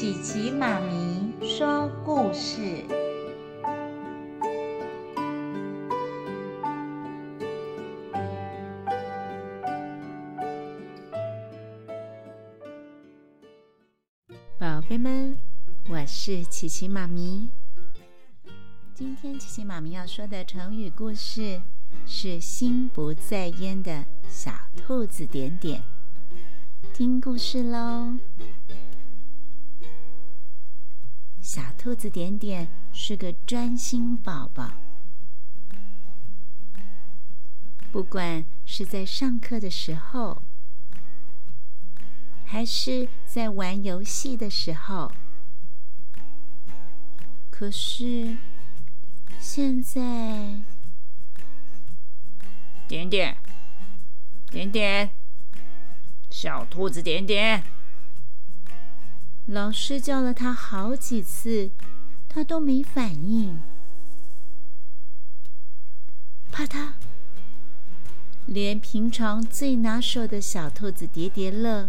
琪琪媽咪說故事，寶貝們，我是琪琪媽咪。今天琪琪媽咪要說的成語故事是“心不在焉”的小兔子點點，聽故事嘍。小兔子點點是個專心寶寶，不管是在上課的時候，還是在玩遊戲的時候。可是現在……點點，點點，小兔子點點。老師叫了他好幾次，他都沒反應。怕他，連平常最拿手的小兔子疊疊樂，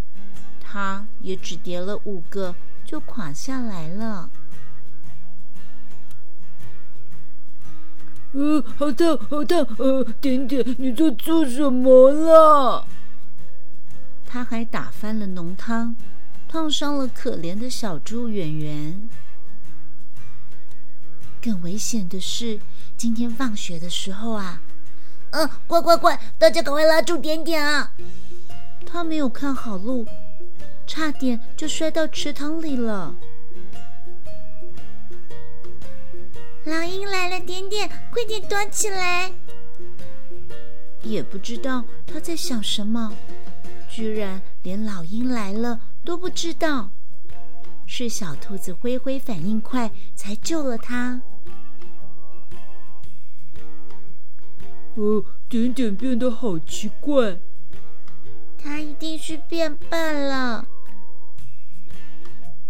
他也只疊了五個就垮下來了。呃，好燙，好燙！呃，點點，你在做什麼了？他還打翻了濃湯。碰上了可憐的小豬圓圓。更危險的是，今天放學的時候啊，嗯，快快快，大家趕快拉住點點啊！她沒有看好路，差點就摔到池塘裡了。老鷹來了，點點，快點躲起來！也不知道她在想什麼，居然連老鷹來了。都不知道，是小兔子灰灰反應快才救了它。哦，點點變得好奇怪，他一定是變笨了，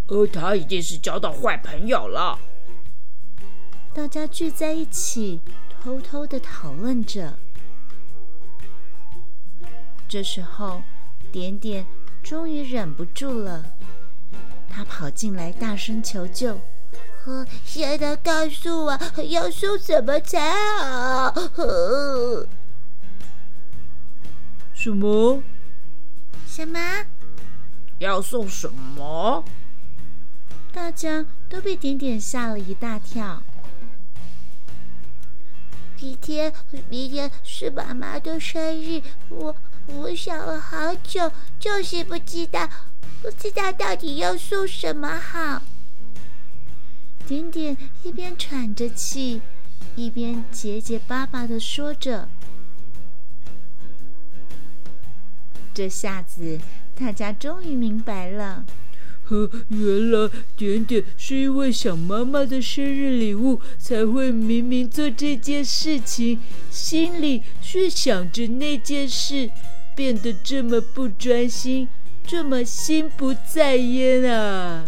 而、哦、他一定是交到壞朋友了。大家聚在一起，偷偷的討論着。這時候，點點。終於忍不住了，他跑進來大聲求救：“誰能告訴我要送什麼才好？呵”“什麼？什麼？要送什麼？”大家都被點點嚇了一大跳。明天，明天是爸媽的生日，我……我想了好久，就是不知道，不知道到底要送什麼好。點點一邊喘着氣，一邊結結巴巴的說着。這下子大家終於明白了。呵，原來點點是因為想媽媽的生日禮物，才會明明做這件事情，心裡卻想着那件事。變得這麼不專心，這麼心不在焉啊！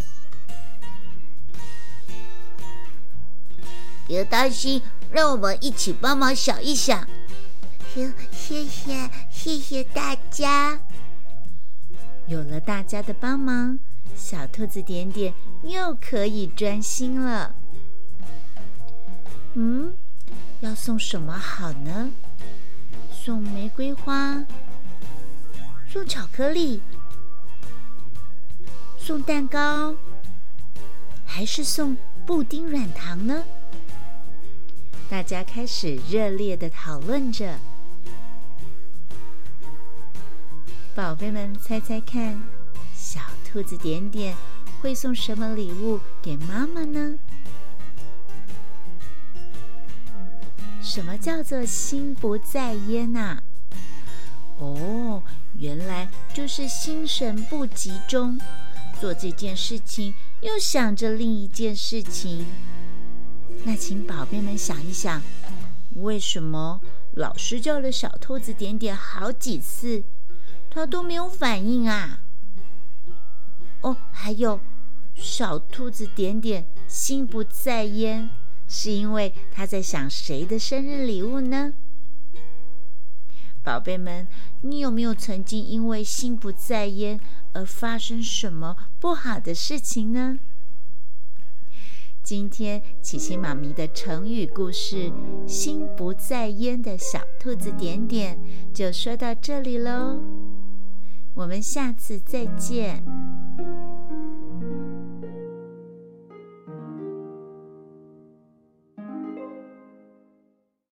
別擔心，讓我們一起幫忙想一想。行，謝謝謝謝大家。有了大家的幫忙，小兔子點點又可以專心了。嗯，要送什麼好呢？送玫瑰花。送巧克力，送蛋糕，還是送布丁軟糖呢？大家開始熱烈地討論着寶貝們，猜猜看，小兔子點點會送什麼禮物給媽媽呢？什麼叫做心不在焉吶、啊？哦。原來就是心神不集中，做這件事情又想着另一件事情。那請寶貝們想一想，為什麼老師叫了小兔子點點好幾次，它都沒有反應啊？哦，還有小兔子點點心不在焉，是因為他在想誰的生日禮物呢？寶貝們，你有沒有曾經因為心不在焉而發生什麼不好的事情呢？今天琪琪媽咪的成語故事《心不在焉的小兔子點點》就說到這裡嘍，我們下次再見。